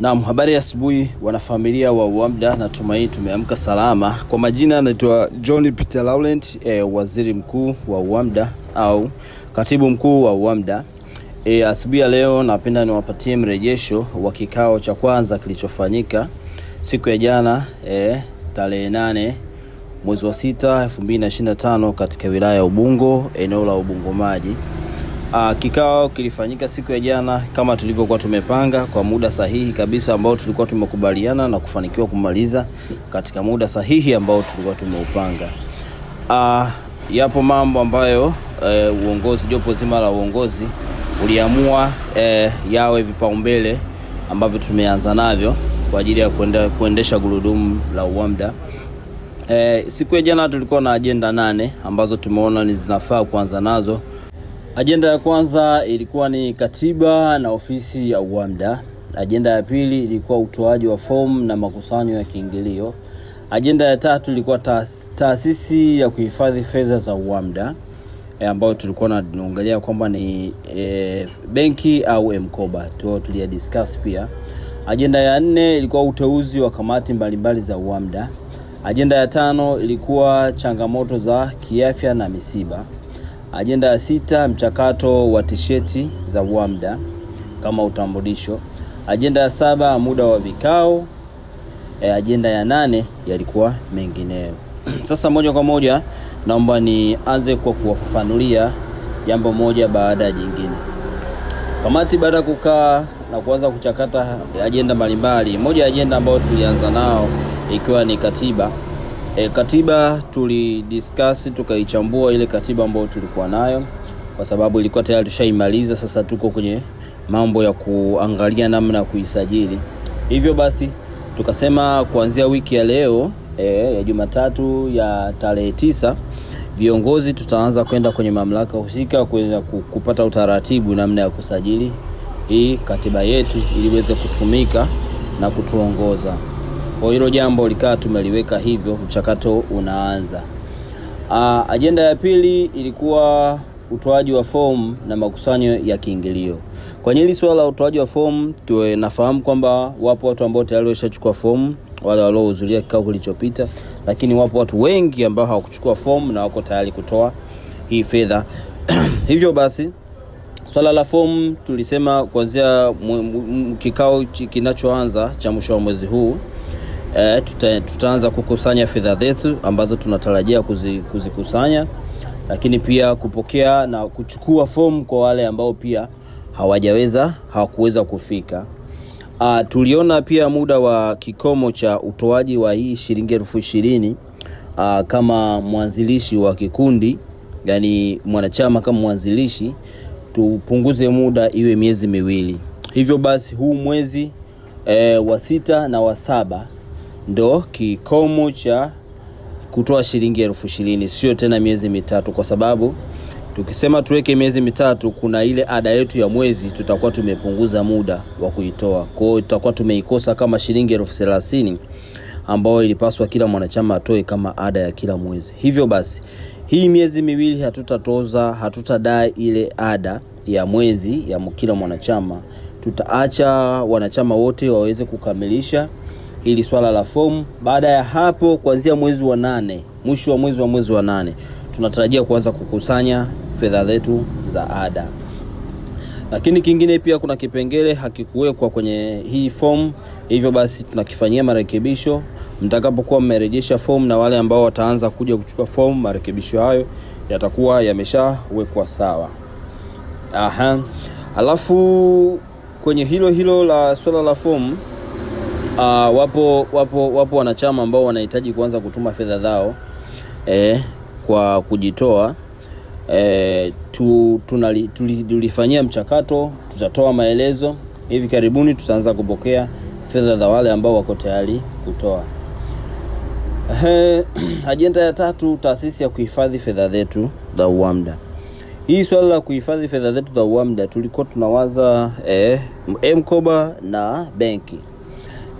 Naam, habari asubuhi wanafamilia wa Uwamda, natumaini tumeamka salama. Kwa majina anaitwa John Peter Laurent, e, waziri mkuu wa Uwamda au katibu mkuu wa Uwamda. E, asubuhi ya leo napenda niwapatie mrejesho wa kikao cha kwanza kilichofanyika siku ya jana e, tarehe nane mwezi wa sita 2025 katika wilaya ya Ubungo eneo la Ubungo Maji. Uh, kikao kilifanyika siku ya jana kama tulivyokuwa tumepanga kwa muda sahihi kabisa ambao tulikuwa tumekubaliana na kufanikiwa kumaliza katika muda sahihi ambao tulikuwa tumeupanga. Uh, yapo mambo ambayo uh, uongozi, jopo zima la uongozi uliamua uh, yawe vipaumbele ambavyo tumeanza navyo kwa ajili ya kuende, kuendesha gurudumu la UWAMDA. Uh, siku ya jana tulikuwa na ajenda nane ambazo tumeona ni zinafaa kuanza nazo Ajenda ya kwanza ilikuwa ni katiba na ofisi ya UWAMDA. Ajenda ya pili ilikuwa utoaji wa fomu na makusanyo ya kiingilio. Ajenda ya tatu ilikuwa taasisi ya kuhifadhi fedha za UWAMDA e, eh, ambayo tulikuwa tunaongelea kwamba ni e, benki au mkoba tu tulia discuss pia. Ajenda ya nne ilikuwa uteuzi wa kamati mbalimbali za UWAMDA. Ajenda ya tano ilikuwa changamoto za kiafya na misiba. Ajenda ya sita, mchakato wa tisheti za WAMDA kama utambulisho. Ajenda ya saba, muda wa vikao. E, ajenda ya nane yalikuwa mengineyo. Sasa moja kwa moja naomba nianze kwa kuwafafanulia jambo moja baada ya jingine. Kamati baada ya kukaa na kuanza kuchakata ajenda mbalimbali, moja ya ajenda ambayo tulianza nao ikiwa ni katiba E, katiba tulidiskasi tukaichambua ile katiba ambayo tulikuwa nayo, kwa sababu ilikuwa tayari tushaimaliza. Sasa tuko kwenye mambo ya kuangalia namna ya kuisajili. Hivyo basi tukasema kuanzia wiki ya leo e, ya Jumatatu ya tarehe tisa viongozi tutaanza kwenda kwenye mamlaka husika kuweza kupata utaratibu namna ya kusajili hii katiba yetu ili iweze kutumika na kutuongoza. Kwa hilo jambo likaa tumeliweka hivyo, mchakato unaanza. Uh, ajenda ya pili ilikuwa utoaji wa fomu na makusanyo ya kiingilio. Kwenye hili swala la utoaji wa fomu, tunafahamu kwamba wapo watu ambao tayari washachukua fomu, wale waliohudhuria kikao kilichopita, lakini wapo watu wengi ambao hawakuchukua fomu na wako tayari kutoa hii fedha hivyo basi swala la fomu tulisema kuanzia kikao kinachoanza cha mwisho wa mwezi huu e, tuta, tutaanza kukusanya fedha zetu ambazo tunatarajia kuzikusanya kuzi lakini pia kupokea na kuchukua fomu kwa wale ambao pia hawajaweza hawakuweza kufika. A, ah, tuliona pia muda wa kikomo cha utoaji wa hii shilingi elfu ishirini ah, kama mwanzilishi wa kikundi, yani mwanachama kama mwanzilishi, tupunguze muda iwe miezi miwili. Hivyo basi huu mwezi e, wa sita na wa saba ndo kikomo cha kutoa shilingi elfu ishirini, sio tena miezi mitatu, kwa sababu tukisema tuweke miezi mitatu, kuna ile ada yetu ya mwezi, tutakuwa tumepunguza muda wa kuitoa. Kwa hiyo tutakuwa tumeikosa kama shilingi elfu thelathini ambayo ilipaswa kila mwanachama atoe kama ada ya kila mwezi. Hivyo basi hii miezi miwili hatutatoza, hatutadai ile ada ya mwezi ya kila mwanachama. Tutaacha wanachama wote waweze kukamilisha ili swala la fomu. Baada ya hapo, kuanzia mwezi wa nane, mwisho wa mwezi wa mwezi wa nane, tunatarajia kuanza kukusanya fedha zetu za ada. Lakini kingine pia kuna kipengele hakikuwekwa kwenye hii fomu, hivyo basi tunakifanyia marekebisho. Mtakapokuwa mmerejesha fomu na wale ambao wataanza kuja kuchukua fomu, marekebisho hayo yatakuwa yameshawekwa sawa. Aha. Alafu kwenye hilo hilo la swala la fomu Uh, wapo, wapo, wapo wanachama ambao wanahitaji kuanza kutuma fedha zao eh, kwa kujitoa eh, tu, tunali, tulifanyia mchakato, tutatoa maelezo hivi karibuni, tutaanza kupokea fedha za wale ambao wako tayari kutoa. Eh, ajenda ya tatu, taasisi ya kuhifadhi fedha zetu za uamda Hii swala la kuhifadhi fedha zetu za uamda tulikuwa tunawaza eh, mkoba na benki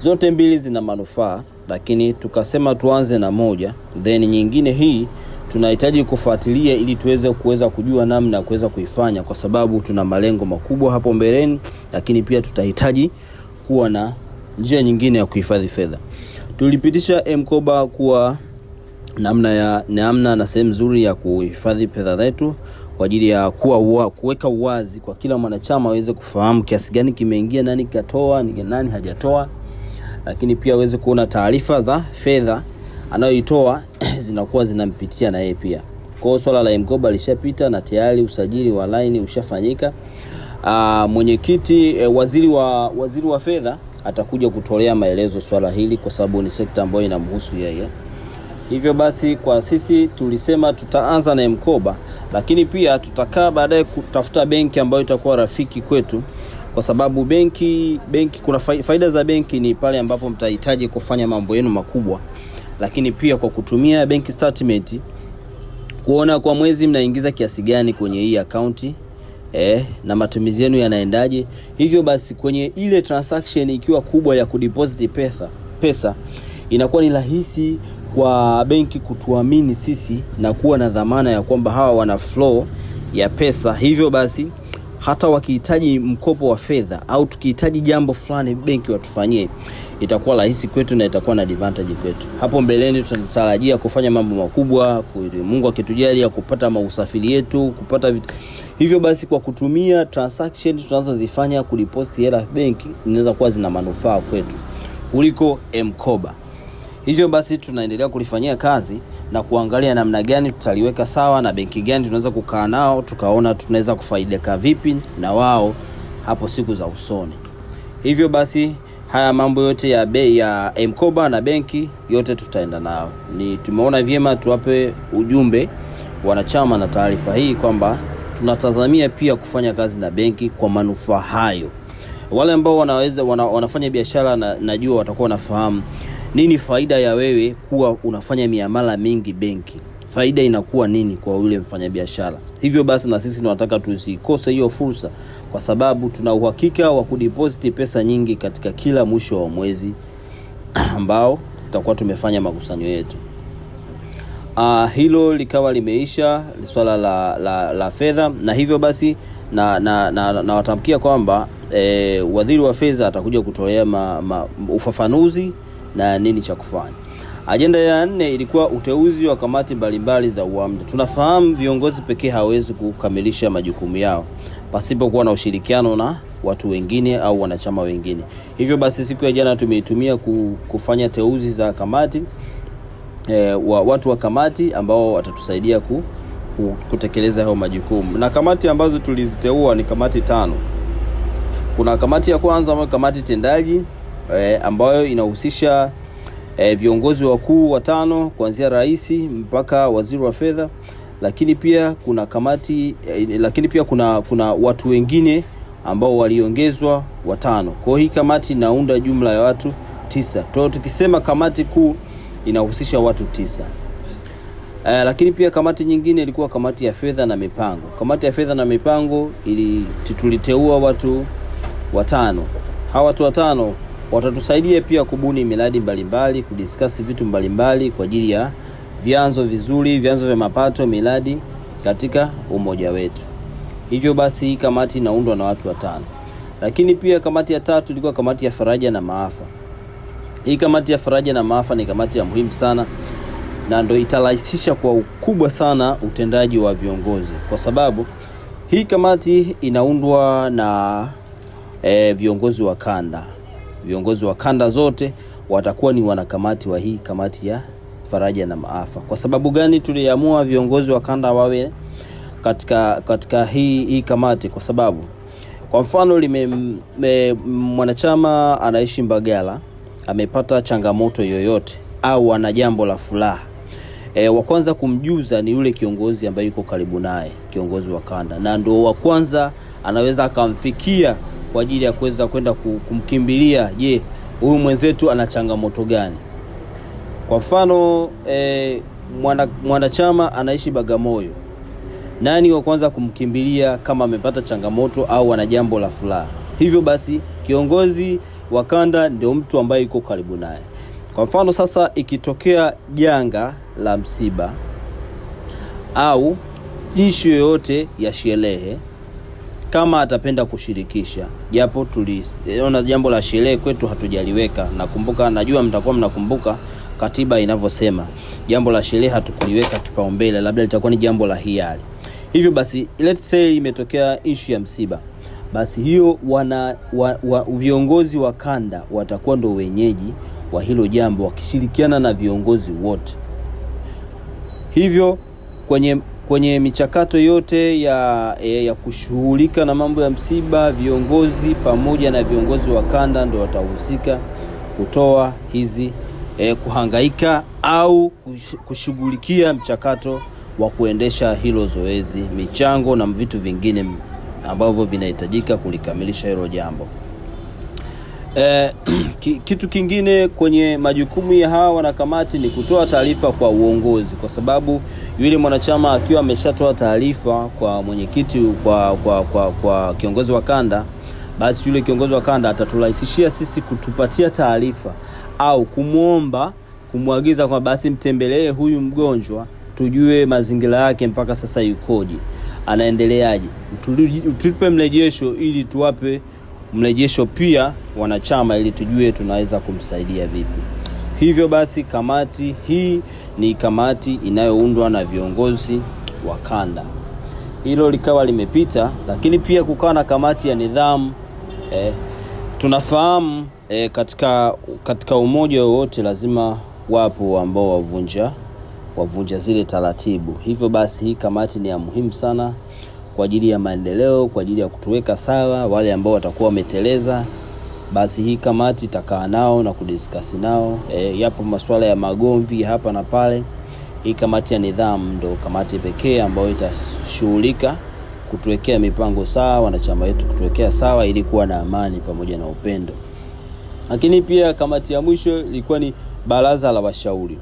Zote mbili zina manufaa, lakini tukasema tuanze na moja, then nyingine hii tunahitaji kufuatilia ili tuweze kuweza kujua namna ya kuweza kuifanya, kwa sababu tuna malengo makubwa hapo mbeleni, lakini pia tutahitaji kuwa na njia nyingine ya kuhifadhi fedha. Tulipitisha mkoba kuwa namna ya namna na sehemu nzuri ya kuhifadhi fedha zetu kwa ajili ya kuwa uwa, kuweka uwazi kwa kila mwanachama aweze kufahamu kiasi gani kimeingia, nani katoa, nani hajatoa lakini pia aweze kuona taarifa za fedha anayoitoa zinakuwa zinampitia na yeye pia. Kwa hiyo swala la mkoba lishapita na tayari usajili wa laini ushafanyika. Ah, mwenyekiti e, waziri wa, waziri wa fedha atakuja kutolea maelezo swala hili kwa sababu ni sekta ambayo inamhusu yeye. Hivyo basi kwa sisi tulisema tutaanza na mkoba, lakini pia tutakaa baadaye kutafuta benki ambayo itakuwa rafiki kwetu kwa sababu benki benki kuna faida za benki ni pale ambapo mtahitaji kufanya mambo yenu makubwa, lakini pia kwa kutumia benki statement kuona kwa mwezi mnaingiza kiasi gani kwenye hii akaunti eh, na matumizi yenu yanaendaje. Hivyo basi kwenye ile transaction ikiwa kubwa ya kudeposit pesa, pesa inakuwa ni rahisi kwa benki kutuamini sisi na kuwa na dhamana ya kwamba hawa wana flow ya pesa, hivyo basi hata wakihitaji mkopo wa fedha au tukihitaji jambo fulani benki watufanyie, itakuwa rahisi kwetu na itakuwa na advantage kwetu. Hapo mbeleni tunatarajia kufanya mambo makubwa, Mungu akitujalia, kupata mausafiri yetu, kupata vit- hivyo. Basi kwa kutumia transaction tunazozifanya kuliposti hela benki, zinaweza kuwa zina manufaa kwetu kuliko mkoba. Hivyo basi tunaendelea kulifanyia kazi na kuangalia namna gani tutaliweka sawa na benki gani tunaweza kukaa nao tukaona tunaweza kufaidika vipi na wao hapo siku za usoni. Hivyo basi haya mambo yote ya bei ya Mkoba na benki yote tutaenda nayo. Ni tumeona vyema tuwape ujumbe wanachama na taarifa hii kwamba tunatazamia pia kufanya kazi na benki kwa manufaa hayo. Wale ambao wanaweza wana, wanafanya biashara na najua watakuwa wanafahamu nini faida ya wewe kuwa unafanya miamala mingi benki? Faida inakuwa nini kwa yule mfanyabiashara? Hivyo basi, na sisi tunataka tusikose hiyo fursa, kwa sababu tuna uhakika wa kudepositi pesa nyingi katika kila mwisho wa mwezi ambao tutakuwa tumefanya makusanyo yetu. Uh, hilo likawa limeisha swala la, la, la fedha, na hivyo basi na na, na, na watamkia kwamba eh, waziri wa fedha atakuja kutolea ufafanuzi na nini cha kufanya. Ajenda ya nne ilikuwa uteuzi wa kamati mbalimbali za uamda Tunafahamu viongozi pekee hawezi kukamilisha majukumu yao pasipokuwa na ushirikiano na watu wengine au wanachama wengine. Hivyo basi, siku ya jana tumeitumia kufanya teuzi za kamati e, wa watu wa kamati ambao watatusaidia ku, ku, kutekeleza hayo majukumu. Na kamati ambazo tuliziteua ni kamati tano. Kuna kamati ya kwanza ambayo kamati tendaji eh, ambayo inahusisha eh, viongozi wakuu watano kuanzia rais mpaka waziri wa fedha, lakini pia kuna kamati eh, lakini pia kuna kuna watu wengine ambao waliongezwa watano. Kwa hii kamati inaunda jumla ya watu tisa. Kwa tukisema kamati kuu inahusisha watu tisa. Uh, lakini pia kamati nyingine ilikuwa kamati ya fedha na mipango. Kamati ya fedha na mipango ili tuliteua watu watano. Hawa watu watano Watatusaidia pia kubuni miradi mbalimbali, kudiskasi vitu mbalimbali kwa ajili ya vyanzo vizuri, vyanzo vya mapato, miradi katika umoja wetu. Hivyo basi hii kamati inaundwa na watu watano. Lakini pia kamati ya tatu ilikuwa kamati ya faraja na maafa. Hii kamati ya faraja na maafa ni kamati ya muhimu sana na ndio itarahisisha kwa ukubwa sana utendaji wa viongozi, kwa sababu hii kamati inaundwa na e, viongozi wa kanda viongozi wa kanda zote watakuwa ni wanakamati wa hii kamati ya faraja na maafa. Kwa sababu gani tuliamua viongozi wa kanda wawe katika, katika hii, hii kamati? Kwa sababu kwa mfano lime me, mwanachama anaishi Mbagala amepata changamoto yoyote au ana jambo la furaha E, wa kwanza kumjuza ni yule kiongozi ambaye yuko karibu naye, kiongozi wa kanda, na ndio wa kwanza anaweza akamfikia kwa ajili ya kuweza kwenda kumkimbilia, je, huyu mwenzetu ana changamoto gani? Kwa mfano e, mwana, mwanachama anaishi Bagamoyo, nani wa kwanza kumkimbilia kama amepata changamoto au ana jambo la furaha? Hivyo basi kiongozi wa kanda ndio mtu ambaye yuko karibu naye. Kwa mfano sasa, ikitokea janga la msiba au ishu yoyote ya sherehe kama atapenda kushirikisha, japo tuliona jambo la sherehe kwetu hatujaliweka. Nakumbuka, najua mtakuwa mnakumbuka katiba inavyosema, jambo la sherehe hatukuliweka kipaumbele, labda litakuwa ni jambo la hiari. Hivyo basi, let's say imetokea ishu ya msiba, basi hiyo wana wa, wa, viongozi wa kanda watakuwa ndo wenyeji wa hilo jambo wakishirikiana na viongozi wote, hivyo kwenye kwenye michakato yote ya, e, ya kushughulika na mambo ya msiba, viongozi pamoja na viongozi wa kanda ndio watahusika kutoa hizi eh, kuhangaika au kushughulikia mchakato wa kuendesha hilo zoezi, michango na vitu vingine ambavyo vinahitajika kulikamilisha hilo jambo. Eh, kitu kingine kwenye majukumu ya hawa wanakamati ni kutoa taarifa kwa uongozi, kwa sababu yule mwanachama akiwa ameshatoa taarifa kwa mwenyekiti kwa, kwa, kwa, kwa kiongozi wa kanda, basi yule kiongozi wa kanda ataturahisishia sisi kutupatia taarifa au kumwomba kumwagiza kwa basi mtembelee huyu mgonjwa tujue mazingira yake mpaka sasa yukoje, anaendeleaje, tupe mrejesho ili tuwape mrejesho pia wanachama, ili tujue tunaweza kumsaidia vipi. Hivyo basi kamati hii ni kamati inayoundwa na viongozi wa kanda. Hilo likawa limepita, lakini pia kukawa na kamati ya nidhamu eh, tunafahamu eh, katika, katika umoja wowote lazima wapo ambao wavunja wavunja zile taratibu. Hivyo basi hii kamati ni ya muhimu sana kwa ajili ya maendeleo, kwa ajili ya kutuweka sawa. Wale ambao watakuwa wameteleza, basi hii kamati itakaa nao na kudiskasi nao. E, yapo masuala ya magomvi hapa na pale. Hii kamati ya nidhamu ndo kamati pekee ambayo itashughulika kutuwekea mipango sawa, wanachama wetu kutuwekea sawa, ili kuwa na amani pamoja na upendo. Lakini pia kamati ya mwisho ilikuwa ni baraza la washauri.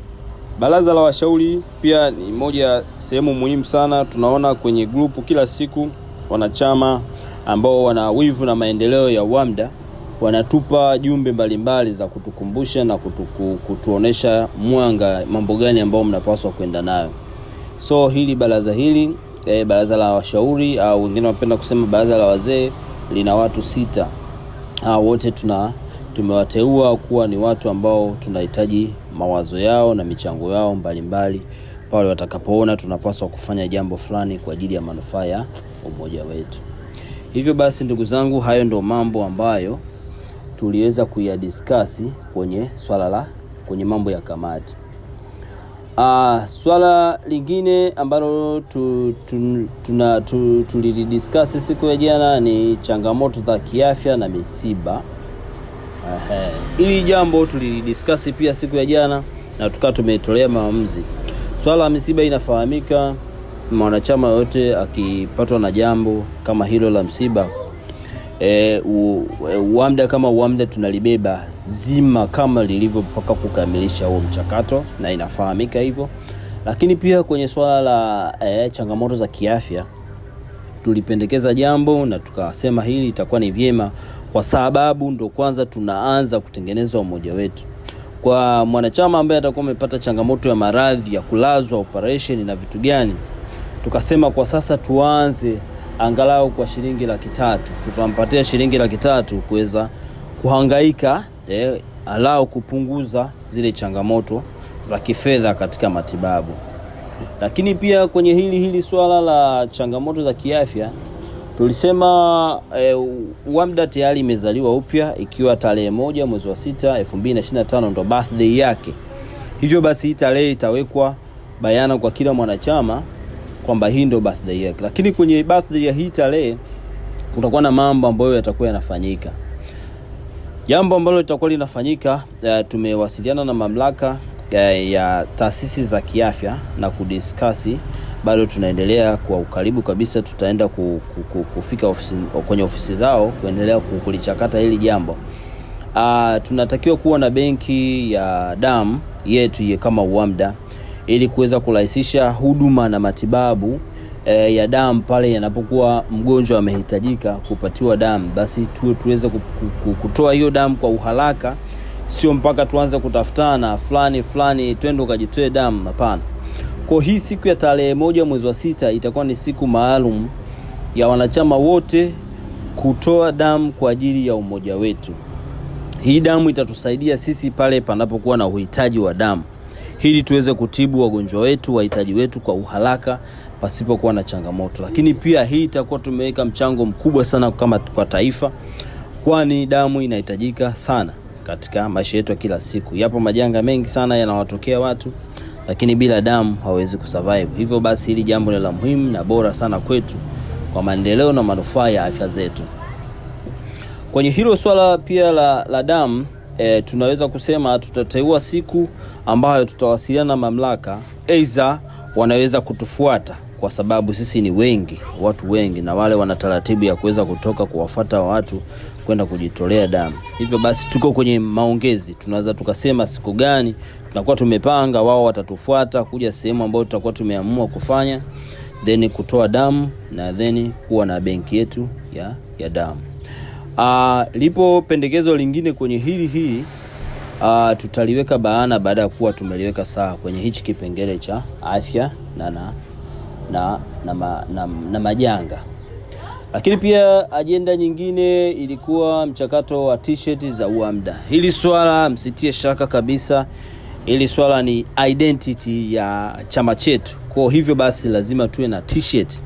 Baraza la washauri pia ni moja ya sehemu muhimu sana. Tunaona kwenye grupu kila siku wanachama ambao wana wivu na maendeleo ya WAMDA wanatupa jumbe mbalimbali za kutukumbusha na kutuku, kutuonesha mwanga mambo gani ambayo mnapaswa kwenda nayo. So hili baraza hili eh, baraza la washauri au wengine wanapenda kusema baraza la wazee lina watu sita. ah, wote tuna tumewateua kuwa ni watu ambao tunahitaji mawazo yao na michango yao mbalimbali pale watakapoona tunapaswa kufanya jambo fulani kwa ajili ya manufaa ya umoja wetu. Hivyo basi, ndugu zangu, hayo ndo mambo ambayo tuliweza kuyadiskasi kwenye swala la kwenye mambo ya kamati. Uh, swala lingine ambalo tu, tu, tu, tulilidiskasi siku ya jana ni changamoto za kiafya na misiba. Hili jambo tulidiskasi pia siku ya jana na tukawa tumetolea maamuzi. Swala la misiba inafahamika, mwanachama yote akipatwa na jambo kama hilo la msiba e, e, uamda kama uamda tunalibeba zima kama lilivyo mpaka kukamilisha huo mchakato, na inafahamika hivyo. Lakini pia kwenye swala la e, changamoto za kiafya tulipendekeza jambo na tukasema hili itakuwa ni vyema, kwa sababu ndo kwanza tunaanza kutengeneza umoja wetu. Kwa mwanachama ambaye atakuwa amepata changamoto ya maradhi ya kulazwa, operation na vitu gani, tukasema kwa sasa tuanze angalau kwa shilingi laki tatu, tutampatia shilingi laki tatu kuweza kuhangaika eh, alao kupunguza zile changamoto za kifedha katika matibabu. Lakini pia kwenye hili hili swala la changamoto za kiafya tulisema e, Wamda tayari imezaliwa upya ikiwa tarehe moja mwezi wa sita tano ndo birthday yake. Hivyo basi hii tarehe itawekwa bayana kwa kila mwanachama kwamba hii ndo birthday yake, lakini kwenye birthday ya hii tarehe kutakuwa na mambo ambayo yatakuwa yanafanyika. Jambo ambalo litakuwa linafanyika, uh, tumewasiliana na mamlaka Eh, ya taasisi za kiafya na kudiskasi bado tunaendelea kwa ukaribu kabisa, tutaenda kufika ofisi, kwenye ofisi zao kuendelea kulichakata hili jambo. uh, tunatakiwa kuwa na benki ya damu yetu kama uamda ili kuweza kurahisisha huduma na matibabu e, ya damu pale yanapokuwa mgonjwa amehitajika kupatiwa damu, basi tuwe tuweze kutoa hiyo damu kwa uharaka sio mpaka tuanze kutafutana fulani fulani twende ukajitoe damu. Hapana. Kwa hii siku ya tarehe moja mwezi wa sita itakuwa ni siku maalum ya wanachama wote kutoa damu kwa ajili ya umoja wetu. Hii damu itatusaidia sisi pale panapokuwa na uhitaji wa damu ili tuweze kutibu wagonjwa wetu, wahitaji wetu kwa uharaka pasipokuwa na changamoto. Lakini pia hii itakuwa tumeweka mchango mkubwa sana kama kwa taifa, kwani damu inahitajika sana katika maisha yetu ya kila siku. Yapo majanga mengi sana yanawatokea watu, lakini bila damu hawezi kusurvive. Hivyo basi hili jambo ni la muhimu na bora sana kwetu kwa maendeleo na manufaa ya afya zetu. Kwenye hilo swala pia la, la damu e, tunaweza kusema tutateua siku ambayo tutawasiliana na mamlaka, aidha wanaweza kutufuata kwa sababu sisi ni wengi, watu wengi, na wale wana taratibu ya kuweza kutoka kuwafuata watu kwenda kujitolea damu. Hivyo basi tuko kwenye maongezi, tunaweza tukasema siku gani tunakuwa tumepanga, wao watatufuata kuja sehemu ambayo tutakuwa tumeamua kufanya, then kutoa damu na then kuwa na benki yetu ya, ya damu. Aa, ah, lipo pendekezo lingine kwenye hili hii Uh, ah, tutaliweka baana baada ya kuwa tumeliweka sawa kwenye hichi kipengele cha afya na na na, na, ma, na, na majanga. Lakini pia ajenda nyingine ilikuwa mchakato wa t-shirt za uamda Hili swala msitie shaka kabisa, hili swala ni identity ya chama chetu, kwa hivyo basi lazima tuwe na t-shirt.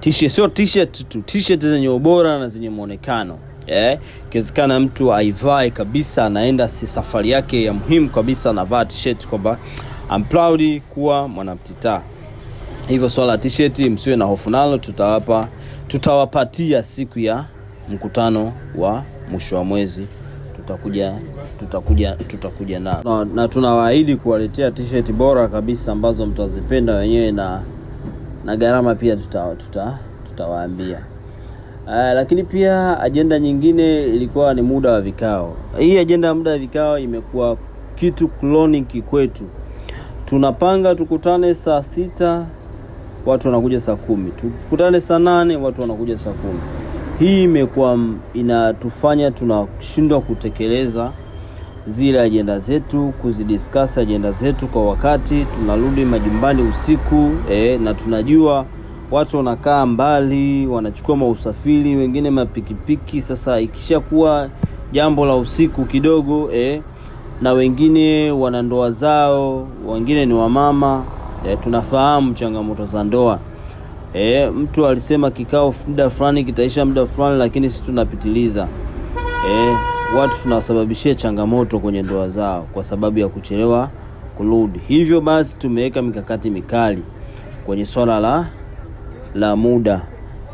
T-shirt sio t-shirt tu, t-shirt zenye ubora na zenye mwonekano eh. Ikiwezekana mtu aivae kabisa, anaenda si safari yake ya muhimu kabisa, anavaa t-shirt kwamba I'm proud kuwa mwanamtitaa. Hivyo swala la t-shirt msiwe na hofu nalo, tutawapa tutawapatia siku ya mkutano wa mwisho wa mwezi tutakuja tutakuja tutakuja na, na, na tunawaahidi kuwaletea t-shirt bora kabisa ambazo mtazipenda wenyewe na na gharama pia tutawaambia tuta, tuta Uh, lakini pia ajenda nyingine ilikuwa ni muda wa vikao. Hii ajenda ya muda wa vikao imekuwa kitu chronic kwetu. Tunapanga tukutane saa sita watu wanakuja saa kumi, tukutane saa nane, watu wanakuja saa kumi. Hii imekuwa inatufanya tunashindwa kutekeleza zile ajenda zetu, kuzidiskasi ajenda zetu kwa wakati. Tunarudi majumbani usiku e, na tunajua watu wanakaa mbali, wanachukua mausafiri, wengine mapikipiki. Sasa ikishakuwa jambo la usiku kidogo e, na wengine wana ndoa zao, wengine ni wamama e, tunafahamu changamoto za ndoa e, mtu alisema kikao muda fulani kitaisha muda fulani, lakini sisi tunapitiliza e, watu tunawasababishia changamoto kwenye ndoa zao kwa sababu ya kuchelewa kurudi. Hivyo basi tumeweka mikakati mikali kwenye swala la, la muda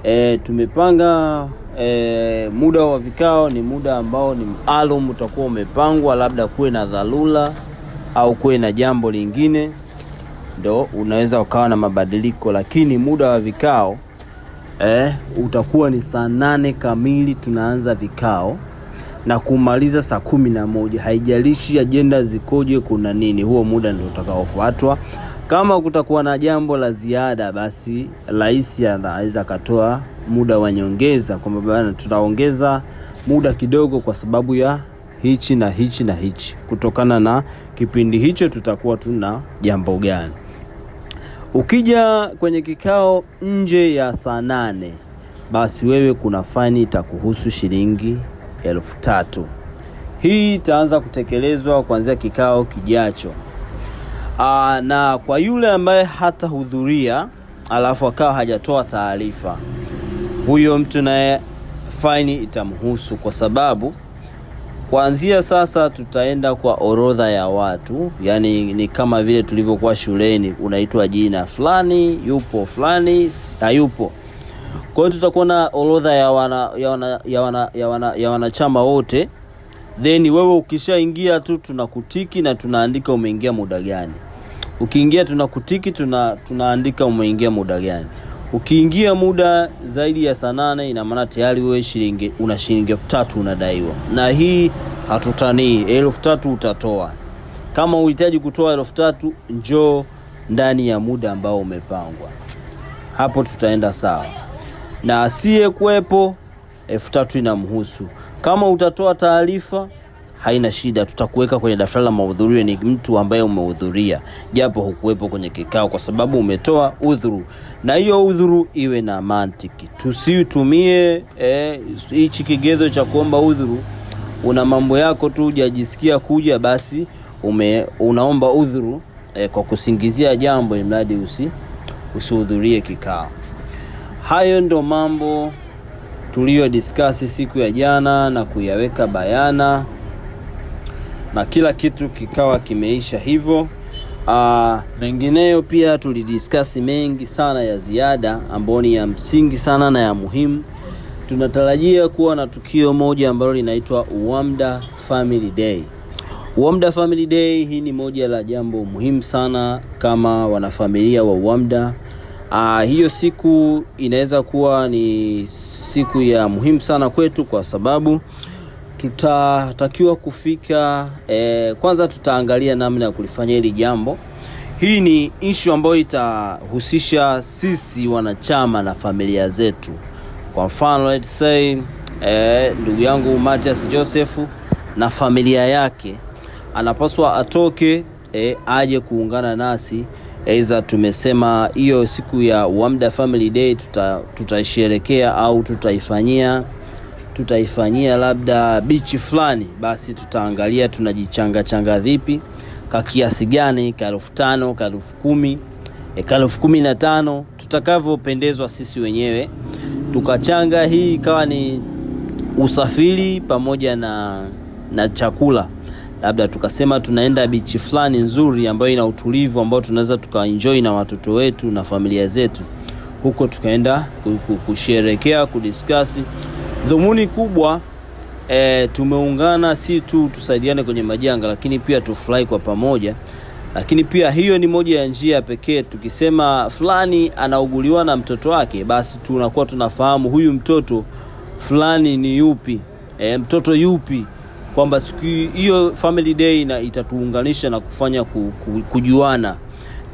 e, tumepanga E, muda wa vikao ni muda ambao ni maalum utakuwa umepangwa, labda kuwe na dharura au kuwe na jambo lingine ndo unaweza ukawa na mabadiliko, lakini muda wa vikao eh, utakuwa ni saa nane kamili tunaanza vikao na kumaliza saa kumi na moja. Haijalishi ajenda zikoje, kuna nini, huo muda ndio utakaofuatwa. Kama kutakuwa na jambo la ziada, basi rais anaweza akatoa muda wa nyongeza, kwamba bana, muda kidogo kwa sababu ya hichi na hichi na hichi, kutokana na kipindi hicho tutakuwa tuna jambo gani. Ukija kwenye kikao nje ya saa nane, basi wewe kuna faini itakuhusu shilingi elfu tatu. Hii itaanza kutekelezwa kuanzia kikao kijacho. Aa, na kwa yule ambaye hatahudhuria alafu akawa hajatoa taarifa, huyo mtu naye faini itamhusu kwa sababu Kuanzia sasa tutaenda kwa orodha ya watu, yani ni kama vile tulivyokuwa shuleni, unaitwa jina fulani, yupo fulani, hayupo. Kwa hiyo tutakuwa na orodha ya wana, ya wana, ya wana, ya wana, ya wanachama wote, then wewe ukishaingia tu tunakutiki na tunaandika umeingia muda gani. Ukiingia tunakutiki tuna, tunaandika umeingia muda gani. Ukiingia muda zaidi ya saa nane ina maana tayari wewe shilingi una shilingi elfu tatu unadaiwa, na hii hatutanii, elfu tatu utatoa. Kama uhitaji kutoa elfu tatu njoo ndani ya muda ambao umepangwa, hapo tutaenda sawa. Na kuwepo elfu tatu inamhusu. Kama utatoa taarifa haina shida, tutakuweka kwenye daftari la mahudhurio. Ni mtu ambaye umehudhuria japo hukuwepo kwenye kikao, kwa sababu umetoa udhuru, na hiyo udhuru iwe na mantiki. Tusitumie eh, hichi eh, kigezo cha kuomba udhuru, una mambo yako tu, hujajisikia kuja, basi ume, unaomba udhuru eh, kwa kusingizia jambo, mradi usi usihudhurie kikao. Hayo ndo mambo tuliyo discuss siku ya jana na kuyaweka bayana na kila kitu kikawa kimeisha hivyo. Uh, mengineyo pia tulidiskasi mengi sana ya ziada ambayo ni ya msingi sana na ya muhimu. Tunatarajia kuwa na tukio moja ambalo linaitwa uamda Family Day. uamda Family Day hii ni moja la jambo muhimu sana kama wanafamilia wa uamda Uh, ah, hiyo siku inaweza kuwa ni siku ya muhimu sana kwetu kwa sababu tutatakiwa kufika e, kwanza tutaangalia namna ya kulifanya hili jambo. Hii ni ishu ambayo itahusisha sisi wanachama na familia zetu. Kwa mfano let's say e, ndugu yangu matias Joseph na familia yake anapaswa atoke e, aje kuungana nasi Aidha, tumesema hiyo siku ya Uwamda Family Day tuta, tutaisherekea au tutaifanyia tutaifanyia labda bichi fulani, basi tutaangalia tunajichanga changa vipi, kwa kiasi gani, ka elfu tano ka elfu kumi e, ka elfu kumi na tano tutakavyopendezwa sisi wenyewe, tukachanga hii ikawa ni usafiri pamoja na, na chakula labda tukasema tunaenda bichi fulani nzuri ambayo ina utulivu ambao tunaweza tukaenjoy na watoto wetu na familia zetu, huko tukaenda kusherekea, kudiskasi Dhumuni kubwa e, tumeungana si tu tusaidiane kwenye majanga, lakini pia tufurahi kwa pamoja. Lakini pia hiyo ni moja ya njia pekee. Tukisema fulani anauguliwa na mtoto wake, basi tunakuwa tunafahamu huyu mtoto fulani ni yupi, e, mtoto yupi, kwamba siku hiyo family day na itatuunganisha na kufanya ku, ku, kujuana.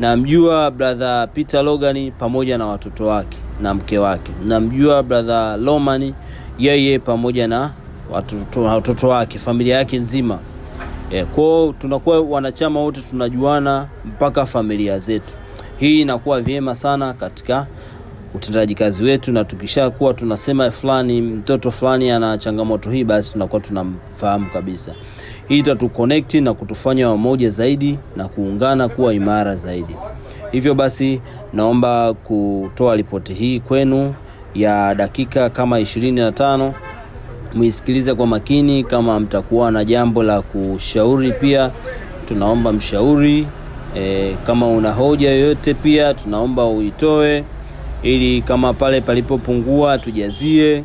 Namjua brother Peter Logan pamoja na watoto wake na mke wake, namjua brother Lomani yeye pamoja na watoto wake, familia yake nzima e, kwao tunakuwa wanachama wote tunajuana mpaka familia zetu. Hii inakuwa vyema sana katika utendaji kazi wetu, na tukishakuwa tunasema fulani mtoto fulani ana changamoto hii, basi tunakuwa tunamfahamu kabisa. Hii itatukonekti na kutufanya wamoja zaidi na kuungana kuwa imara zaidi. Hivyo basi, naomba kutoa ripoti hii kwenu ya dakika kama 25. Muisikilize kwa makini. Kama mtakuwa na jambo la kushauri, pia tunaomba mshauri. E, kama una hoja yoyote pia tunaomba uitoe, ili kama pale palipopungua tujazie,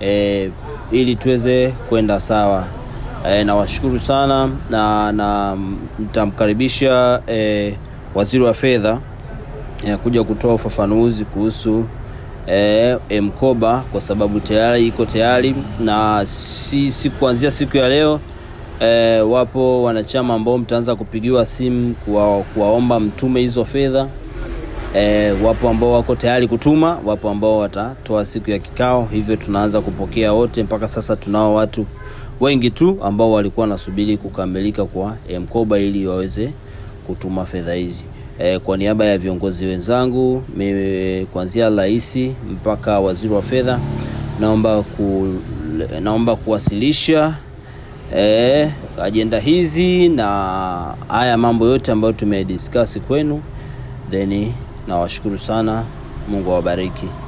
e, ili tuweze kwenda sawa. E, nawashukuru sana na na nitamkaribisha e, waziri wa fedha e, kuja kutoa ufafanuzi kuhusu e, mkoba kwa sababu tayari iko tayari na si, si kuanzia siku ya leo e, wapo wanachama ambao mtaanza kupigiwa simu kuwa, kuwaomba mtume hizo fedha e, wapo ambao wako tayari kutuma, wapo ambao watatoa siku ya kikao, hivyo tunaanza kupokea wote. Mpaka sasa tunao watu wengi tu ambao walikuwa wanasubiri kukamilika kwa mkoba ili waweze kutuma fedha hizi eh, kwa niaba ya viongozi wenzangu mimi eh, kuanzia rais mpaka waziri wa fedha naomba, ku, naomba kuwasilisha eh, ajenda hizi na haya mambo yote ambayo tumediskasi kwenu, then nawashukuru sana. Mungu awabariki.